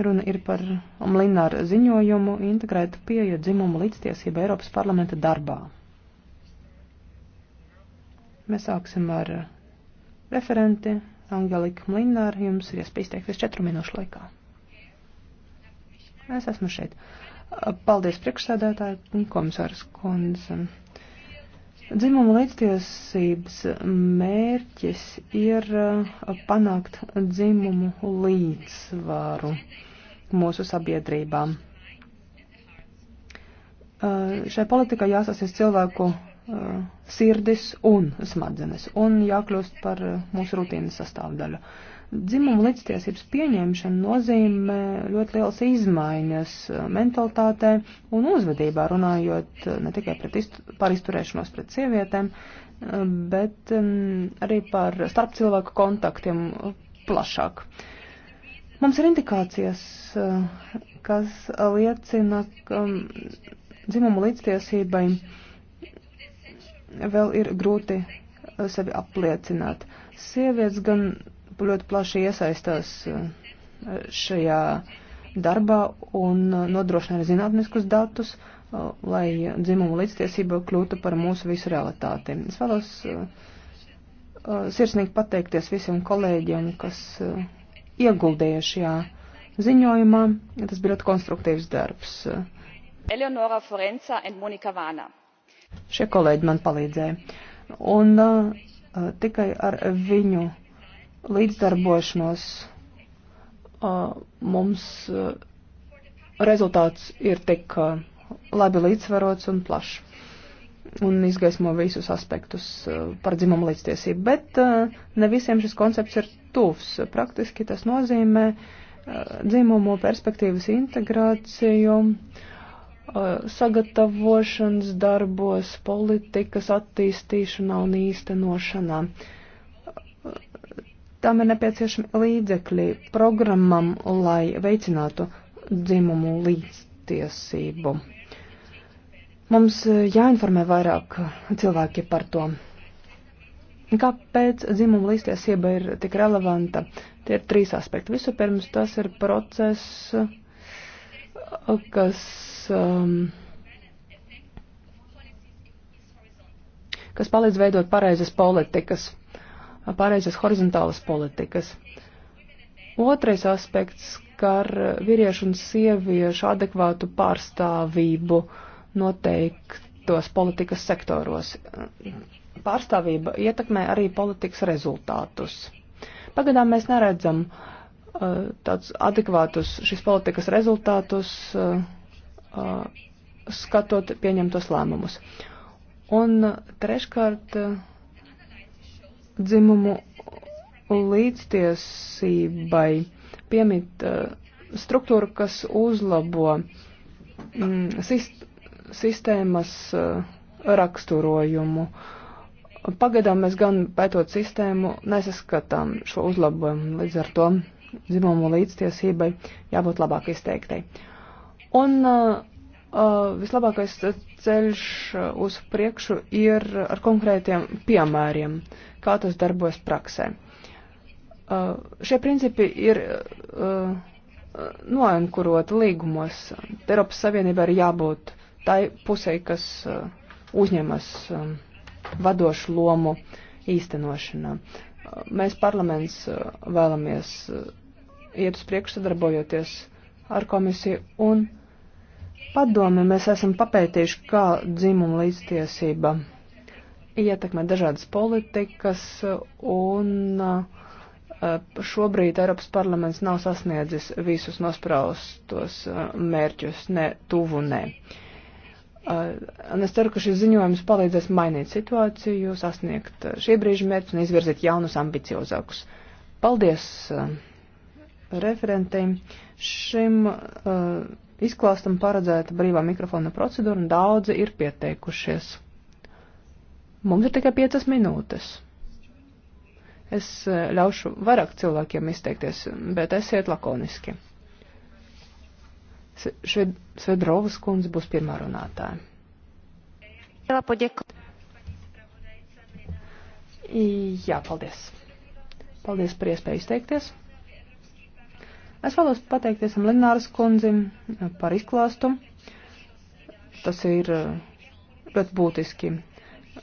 Runa ir par Omlināru ziņojumu integrētu pieeja dzimumu līdztiesību Eiropas parlamenta darbā. Mēs sāksim ar referenti Angelika Mlināru. Jums ir iespēja izteikties četru minūšu laikā. Es esmu šeit. Paldies priekšsēdētāji, komisārs Konz. Dzimuma līdztiesības mērķis ir uh, panākt dzimumu līdzsvaru mūsu sabiedrībām. Uh, šai politikai jāsasies cilvēku uh, sirdis un smadzenes un jākļūst par mūsu rutīnas sastāvdaļu. Dzimuma līdztiesības pieņemšana nozīmē ļoti liels izmaiņas mentalitātē un uzvedībā, runājot eh, ne tikai iztu, par izturēšanos pret sievietēm, eh, bet mm, arī par starp cilvēku kontaktiem plašāk. Mums ir indikācijas, eh, kas liecina, ka mm, dzimumu līdztiesībai vēl ir grūti sevi apliecināt. Sievietes gan ļoti plaši iesaistās eh, šajā darbā un nodrošina arī zinātniskus datus, eh, lai dzimuma līdztiesība kļūtu par mūsu visu realitāti. Es vēlos eh, sirsnīgi pateikties visiem kolēģiem, kas ieguldīja šajā ziņojumā. Tas bija ļoti konstruktīvs darbs. Eleonora Forenza un Monika Vāna. Šie kolēģi man palīdzēja. Un uh, tikai ar viņu līdzdarbošanos mums rezultāts ir tik labi līdzsvarots un plašs un izgaismo visus aspektus par dzimumu līdztiesību. Bet ne visiem šis koncepts ir tuvs. Praktiski tas nozīmē dzimumu perspektīvas integrāciju, sagatavošanas darbos, politikas attīstīšanā un īstenošanā. Uh, Tam ir nepieciešami līdzekļi programmam, lai veicinātu dzimumu līdztiesību. Mums jāinformē vairāk cilvēki par to. Kāpēc dzimuma līdztiesība ir tik relevanta? Tie ir trīs aspekti. Vispirms tas ir process, kas, um, kas palīdz veidot pareizas politikas pareizas horizontālas politikas. Otrais aspekts skar vīriešu un sieviešu adekvātu pārstāvību noteiktos politikas sektoros. Pārstāvība ietekmē arī politikas rezultātus. Pagadām mēs neredzam uh, tādus adekvātus šīs politikas rezultātus, uh, uh, skatot pieņemtos lēmumus. Un treškārt. Uh, dzimumu līdztiesībai piemīt uh, struktūru, kas uzlabo mm, sistēmas uh, raksturojumu. Pagaidām mēs gan pētot sistēmu nesaskatām šo uzlabojumu, līdz ar to dzimumu līdztiesībai jābūt labāk izteiktai. Un uh, uh vislabākais ceļš eh, uz priekšu ir ar konkrētiem piemēriem, kā tas darbojas praksē. Uh, šie principi ir uh, eh, noenkuroti līgumos. Eiropas Savienībā ir jābūt tai pusē, kas uh, uzņemas uh, vadošu lomu īstenošanā. Uh, mēs parlaments uh, vēlamies uh, iet uz priekšu sadarbojoties ar komisiju un uh, padomi mēs esam papētījuši, kā dzimuma līdztiesība ietekmē dažādas politikas, un eh, šobrīd Eiropas parlaments nav sasniedzis visus nospraustos eh, mērķus, ne tuvu, ne. Eh, un es ceru, ka šis ziņojums palīdzēs mainīt situāciju, sasniegt šī brīža mērķus un izvirzīt jaunus ambiciozākus. Paldies referentiem šim. Uh, izklāstam paredzēta brīvā mikrofona procedūra, un daudzi ir pieteikušies. Mums ir tikai piecas minūtes. Es eh, ļaušu vairāk cilvēkiem izteikties, bet esiet lakoniski. Šved, Svedrovas kundze būs pirmā runātāja. Jā, paldies. Paldies par iespēju izteikties. Es vēlos pateikties Lināras kundzim par izklāstu. Tas ir eh, ļoti būtiski, eh,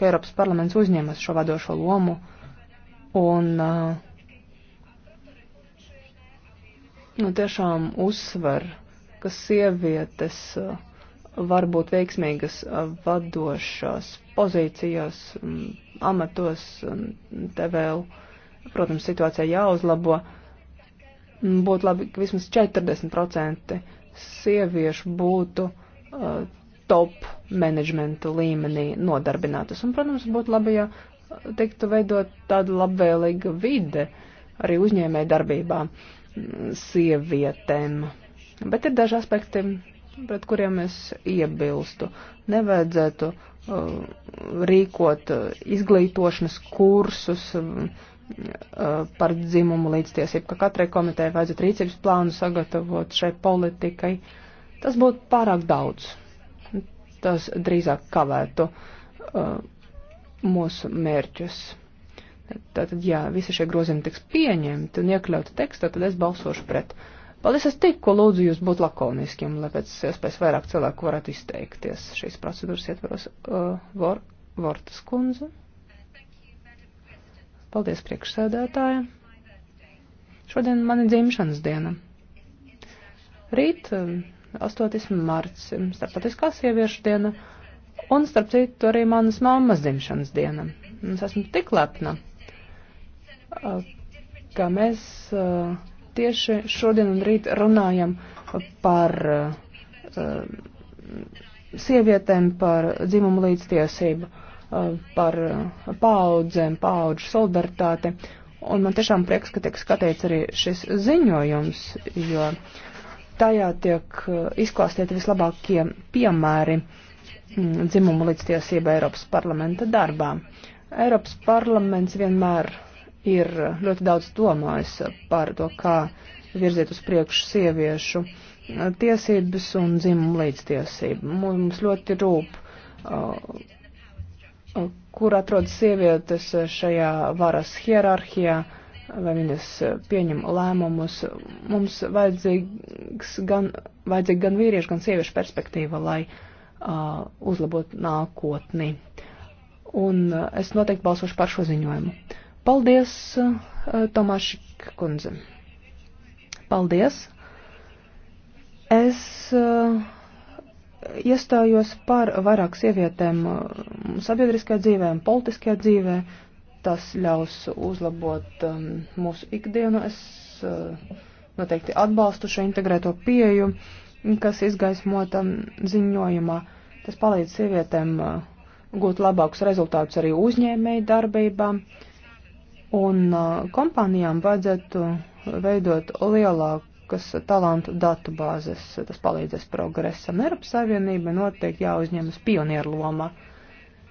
ka Eiropas parlaments uzņemas šo vadošo lomu un eh, nu, tiešām uzsver, ka sievietes var būt veiksmīgas vadošās pozīcijās, mm, amatos, mm, te vēl, protams, situācija jāuzlabo Būtu labi, ka vismaz 40% sieviešu būtu uh, top menedžmentu līmenī nodarbinātas. Un, protams, būtu labi, ja uh, tiktu veidot tādu labvēlīgu vide arī uzņēmē darbībā mm, sievietēm. Bet ir daži aspekti, pret kuriem es iebilstu. Nevajadzētu uh, rīkot uh, izglītošanas kursus, Uh, par dzimumu līdztiesību, ka katrai komitejai vajadzētu rīcības plānu sagatavot šai politikai. Tas būtu pārāk daudz. Tas drīzāk kavētu uh, mūsu mērķus. Tātad, ja visi šie grozījumi tiks pieņemti un iekļauti tekstā, tad es balsošu pret. Paldies, es tikko lūdzu jūs būt lakoniskiem, lai pēc iespējas vairāk cilvēku varētu izteikties šīs procedūras ietvaros. Uh, vor, Vortas kundze. Paldies priekšsēdētāja. Šodien man ir dzimšanas diena. Rīt, 8. Um, marts, um, starptautiskā sieviešu diena, un starp citu arī manas mammas dzimšanas diena. Es esmu tik lepna, uh, ka mēs uh, tieši šodien un rīt runājam par uh, um, sievietēm, par dzimumu līdztiesību. Uh, par paudzēm, paudžu solidaritāti. Un man tiešām prieks, ka tiek skatīts arī šis ziņojums, jo tajā tiek uh, izklāstīti vislabākie piemēri mm, dzimumu līdztiesība Eiropas parlamenta darbā. Eiropas parlaments vienmēr ir ļoti daudz domājis par to, kā virzīt uz priekšu sieviešu uh, tiesības un dzimumu līdztiesību. Mums ļoti rūp uh, kur atrodas sievietes šajā varas hierarhijā, vai viņas pieņem lēmumus. Mums vajadzīgs gan, vajadzīga gan vīriešu, gan sieviešu perspektīva, lai uh, uzlabotu nākotni. Un uh, es noteikti balsošu par šo ziņojumu. Paldies, uh, Tomašik kundze. Paldies. Es. Uh, iestājos par vairāk sievietēm um, sabiedriskajā dzīvē un politiskajā dzīvē. Tas ļaus uzlabot um, mūsu ikdienu. Es uh, noteikti atbalstu šo integrēto pieju, kas izgaismota um, ziņojumā. Tas palīdz sievietēm uh, gūt labākus rezultātus arī uzņēmēju darbībā. Un uh, kompānijām vajadzētu veidot lielāku vairākas talantu datu bāzes. Tas palīdzēs progresam. Eiropas Savienība noteikti jāuzņemas pionieru loma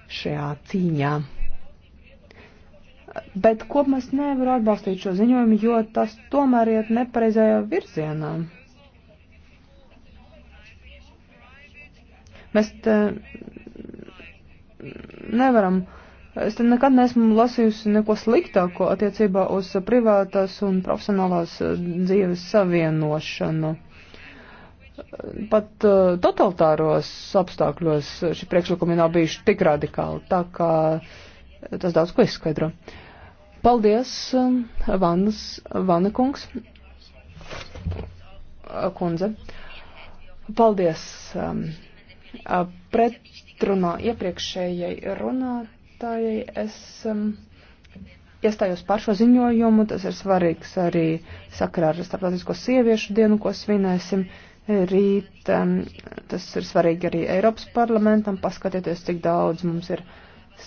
šajā cīņā. Bet kopumā es nevaru atbalstīt šo ziņojumu, jo tas tomēr iet nepareizajā virzienā. Mēs te nevaram uh, Es nekad neesmu lasījusi neko sliktāko attiecībā uz privātās un profesionālās eh, dzīves savienošanu. Pat uh, totalitāros apstākļos šī priekšlikumi nav bijuši tik radikāli, tā kā tas daudz ko izskaidro. Paldies, eh, Vannas, Vana kungs, kundze. Paldies. Um, pretrunā iepriekšējai runāt priekšsēdētājai. Es um, iestājos par šo ziņojumu. Tas ir svarīgs arī sakarā ar Starptautisko sieviešu dienu, ko svinēsim rīt. Um, tas ir svarīgi arī Eiropas parlamentam. Paskatieties, cik daudz mums ir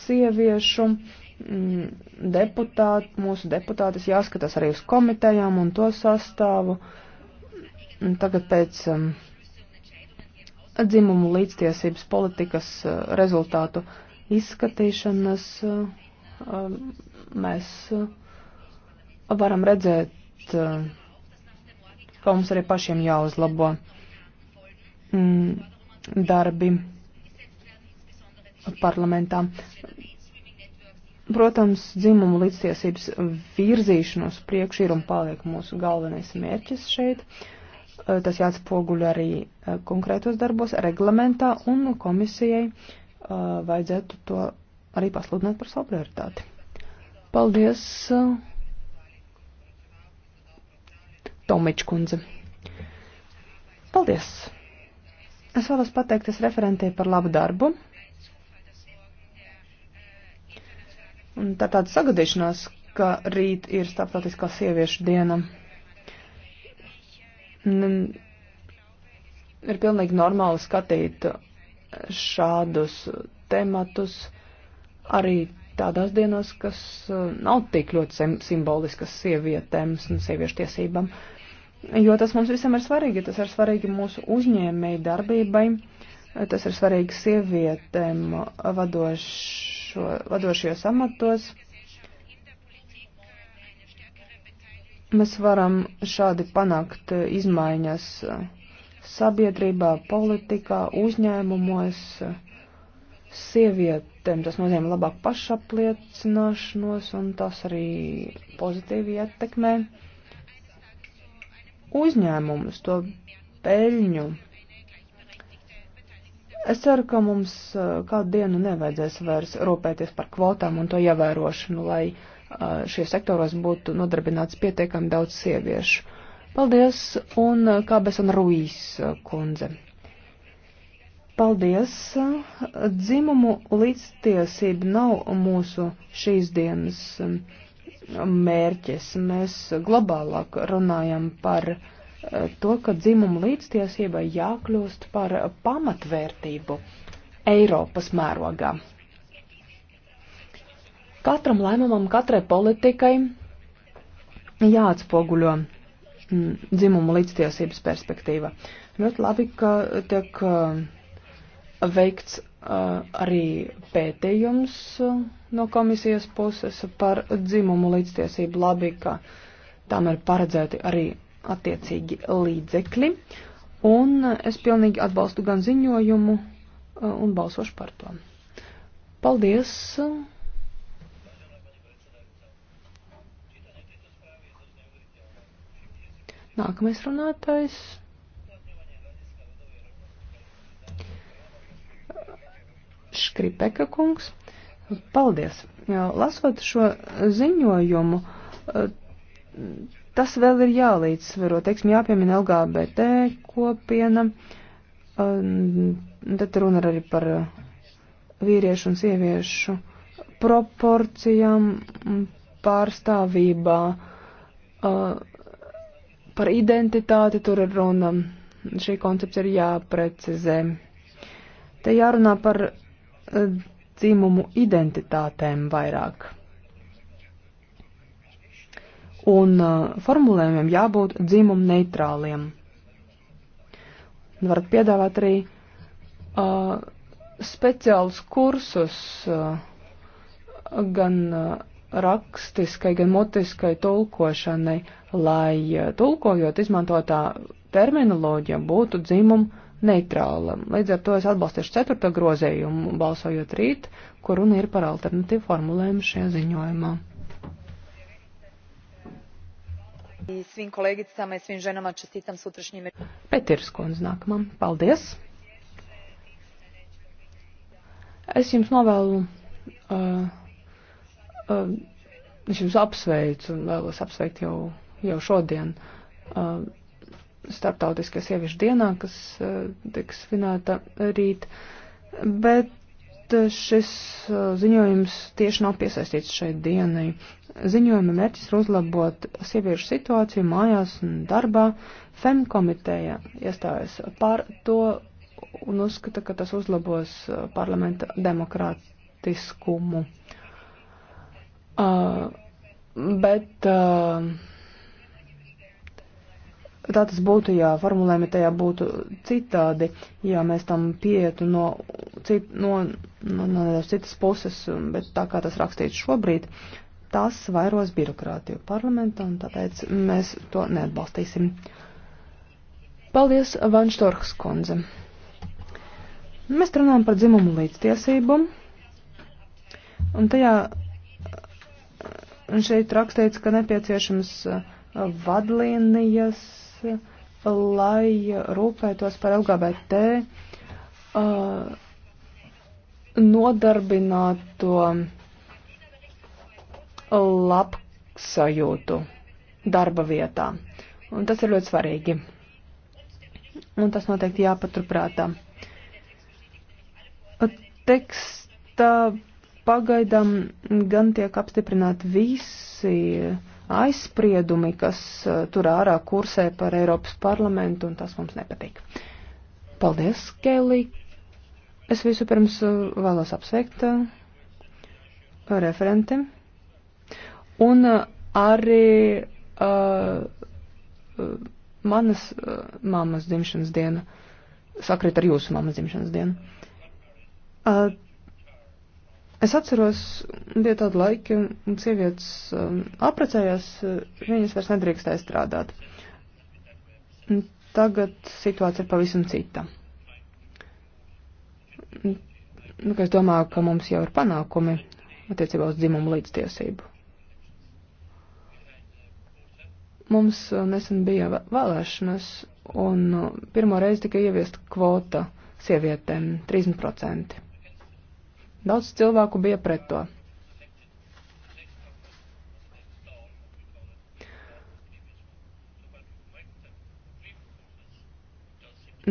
sieviešu um, mm, deputāti, mūsu deputātis jāskatās arī uz komitejām un to sastāvu. Un tagad pēc um, dzimumu līdztiesības politikas uh, rezultātu uh, izskatīšanas mēs varam redzēt, ka mums arī pašiem jāuzlabo mm, darbi parlamentā. Protams, dzimumu līdztiesības virzīšanos priekš ir un paliek mūsu galvenais mērķis šeit. Tas jāatspoguļ arī konkrētos darbos, reglamentā un komisijai uh, Uh, vajadzētu to arī pasludināt par savu prioritāti. Paldies, uh, Tomič kundze. Paldies! Es vēlos pateikties referentē par labu darbu. Un tā tāda sagadīšanās, ka rīt ir starptautiskā sieviešu diena. Un ir pilnīgi normāli skatīt šādus tematus arī tādās dienās, kas uh, nav tik ļoti simboliskas sievietēm un nu, sieviešu tiesībām. Jo tas mums visam ir svarīgi, tas ir svarīgi mūsu uzņēmēji darbībai, tas ir svarīgi sievietēm vadošo, vadošajos amatos. Mēs varam šādi panākt uh, izmaiņas uh, sabiedrībā, politikā, uzņēmumos, sievietēm. Tas nozīmē labāk pašapliecināšanos un tas arī pozitīvi ietekmē uzņēmumus, to peļņu. Es ceru, ka mums uh, kādu dienu nevajadzēs vairs rūpēties par kvotām un to ievērošanu, lai uh, šie sektoros būtu nodarbināts pietiekami daudz sieviešu. Paldies, un uh, Kabesana Ruijas uh, kundze. Paldies! Dzimumu līdztiesība nav mūsu šīs dienas um, mērķis. Mēs globālāk runājam par uh, to, ka dzimumu līdztiesībai jākļūst par pamatvērtību Eiropas mērogā. Katram lēmumam, katrai politikai jāatspoguļo Mm, dzimumu līdztiesības perspektīva. Ļoti labi, ka tiek uh, veikts uh, arī pētījums uh, no komisijas puses par dzimumu līdztiesību. Labi, ka tam ir paredzēti arī attiecīgi līdzekļi. Un es pilnīgi atbalstu gan ziņojumu un balsošu par to. Paldies! Nākamais runātājs. Škripeka kungs. Paldies. Lasot šo ziņojumu, tas vēl ir jālīdzsvaro, teiksim, jāpiemina LGBT kopiena, tad runa arī par vīriešu un sieviešu proporcijām pārstāvībā. Uh, Par identitāti tur ir runa. Šī koncepcija ir jāprecizē. Te jārunā par e, dzimumu identitātēm vairāk. Un e, formulējumiem jābūt dzimumu neitrāliem. Varat piedāvāt arī uh, speciālus kursus uh, gan uh, rakstiskai, gan mutiskai tulkošanai, lai eh, tulkojot izmantotā terminoloģija būtu dzimumu neitrāla. Līdz ar to es atbalstīšu ceturto grozējumu, balsojot rīt, kur runa ir par alternatīvu formulējumu šajā ziņojumā. Svim kolegicama i svim ženama čestitam sutrašnjim. Petirs kundz nākamam. Paldies! Es jums novēlu. Uh, um, es jūs apsveicu un vēlos apsveikt jau, jau šodien um, starptautiskā sieviešu dienā, kas uh, tiks svinēta rīt, bet uh, šis uh, ziņojums tieši nav piesaistīts šai dienai. Ziņojuma mērķis ir uzlabot sieviešu situāciju mājās un darbā. FEM komiteja iestājas par to un uzskata, ka tas uzlabos uh, parlamenta demokrātiskumu. Uh, bet uh, tā tas būtu, ja formulējumi tajā būtu citādi, ja mēs tam pietu no, cit, no, no, no citas puses, bet tā kā tas rakstīts šobrīd, tas vairos birokrātiju parlamentā, un tāpēc mēs to neatbalstīsim. Paldies, Vanštorhas kundze. Mēs runājam par dzimumu līdztiesību, un tajā Un šeit rakstīts, ka nepieciešams uh, vadlīnijas, uh, lai uh, rūpētos par LGBT nodarbināto labsajūtu darba vietā. Un tas ir ļoti svarīgi. Un tas noteikti jāpaturprātā. Teksta Pagaidām gan tiek apstiprināti visi aizspriedumi, kas eh, tur ārā kursē par Eiropas parlamentu, un tas mums nepatīk. Paldies, Kelly! Es visu pirms eh, vēlos apsveikt eh, referenti un arī uh, manas uh, mammas dzimšanas diena sakrit ar jūsu mammas dzimšanas dienu. Uh, Es atceros, bija tāda laika, kad sievietes um, aprecējās, eh, viņas vairs nedrīkstēja strādāt. Tagad situācija ir pavisam cita. Nu, es domāju, ka mums jau ir panākumi attiecībā uz dzimumu līdztiesību. Mums eh, nesen bija vēlēšanas, un eh, pirmo reizi tika ieviest kvota sievietēm 30%. Daudz cilvēku bija pret to.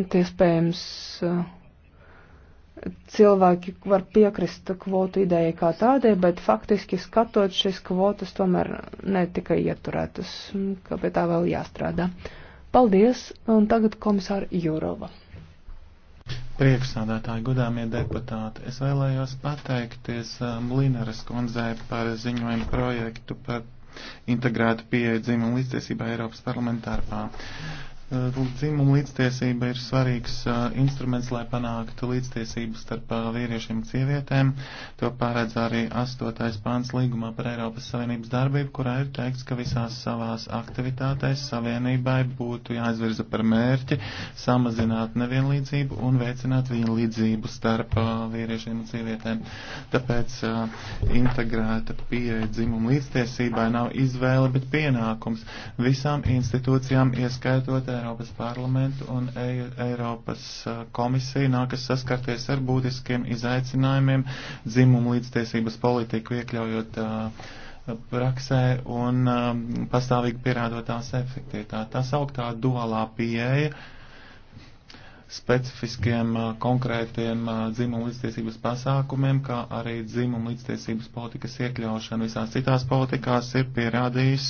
Iespējams, uh, cilvēki var piekrist kvotu idejai kā tādai, bet faktiski skatot šīs kvotas tomēr netika ieturētas, ka pie tā vēl jāstrādā. Paldies, un tagad komisāra Jurova. Priekšsādātāji, godāmie deputāti, es vēlējos pateikties um, Linaras kundzei par ziņojumu projektu par integrētu pieeja dzimumu līdztiesībā Eiropas parlamentārpā. Eh, dzimuma līdztiesība ir svarīgs uh, instruments, lai panāktu līdztiesību starp uh, vīriešiem un sievietēm. To pārēdz arī 8. pāns līgumā par Eiropas Savienības darbību, kurā ir teikts, ka visās savās aktivitātēs Savienībai būtu jāizvirza par mērķi samazināt nevienlīdzību un veicināt vienlīdzību starp uh, vīriešiem un sievietēm. Tāpēc integrēta pieeja dzimuma līdztiesībai nav izvēle, bet pienākums visām institūcijām ieskaitot Eiropas parlamentu un Ei Eiropas komisiju nākas saskarties ar būtiskiem izaicinājumiem dzimumu līdztiesības politiku iekļaujot uh, praksē un um, pastāvīgi pierādot tās efektivitāti. Tā sauktā dualā pieeja uh, specifiskiem konkrētiem dzimumu līdztiesības pasākumiem, kā arī dzimumu līdztiesības politikas iekļaušana visās citās politikās ir pierādījis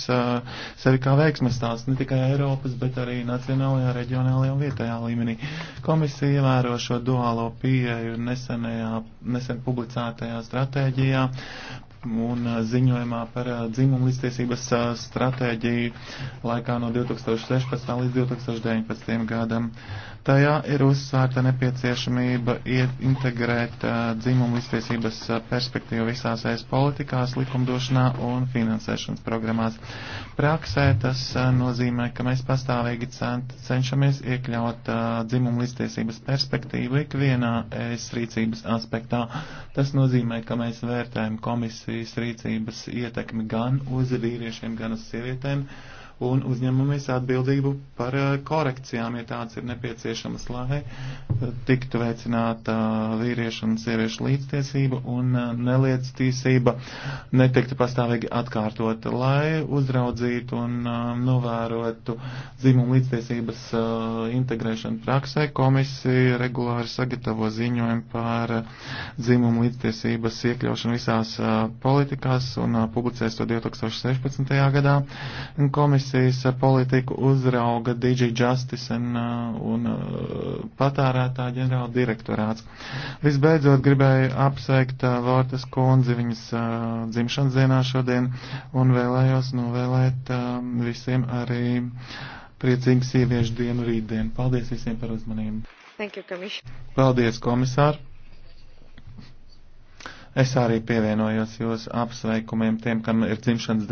sevi kā veiksmes tās ne tikai Eiropas, bet arī nacionālajā, reģionālajā un vietējā līmenī. Komisija ievēro šo duālo pieeju nesenajā, nesen publicētajā stratēģijā un ziņojumā par dzimumu līdztiesības stratēģiju laikā no 2016. līdz 2019. gadam. Tajā ir uzsvērta nepieciešamība integrēt uh, dzimumu iztiesības perspektīvu visās ES politikās, likumdošanā un finansēšanas programmās. Praksē tas uh, nozīmē, ka mēs pastāvīgi cent, cenšamies iekļaut uh, dzimumu iztiesības perspektīvu ikvienā ES rīcības aspektā. Tas nozīmē, ka mēs vērtējam komisijas rīcības ietekmi gan uz vīriešiem, gan uz sievietēm. Uh, un uzņemamies atbildību par eh, korekcijām, ja tāds ir nepieciešamas, lai eh, tiktu veicināta vīriešu un sieviešu līdztiesība un eh, neliecītīsība netiktu pastāvīgi atkārtota, lai uzraudzītu un novērotu dzimumu līdztiesības integrēšanu praksē. Komisija regulāri sagatavo ziņojumu par dzimumu līdztiesības iekļaušanu visās politikās un publicēs to 2016. gadā. Komisija komisijas politiku uzrauga DG Justice un, uh, un uh, patārētā ģenerāla direktorāts. Visbeidzot, gribēju apsveikt Vortas uh, kundzi viņas dzimšanas dienā šodien un vēlējos novēlēt um, visiem arī priecīgu sieviešu dienu rītdien. Paldies visiem par uzmanību. Thank you, komisār. Paldies, komisār. Es arī pievienojos jūsu apsveikumiem tiem, kam ir dzimšanas diena.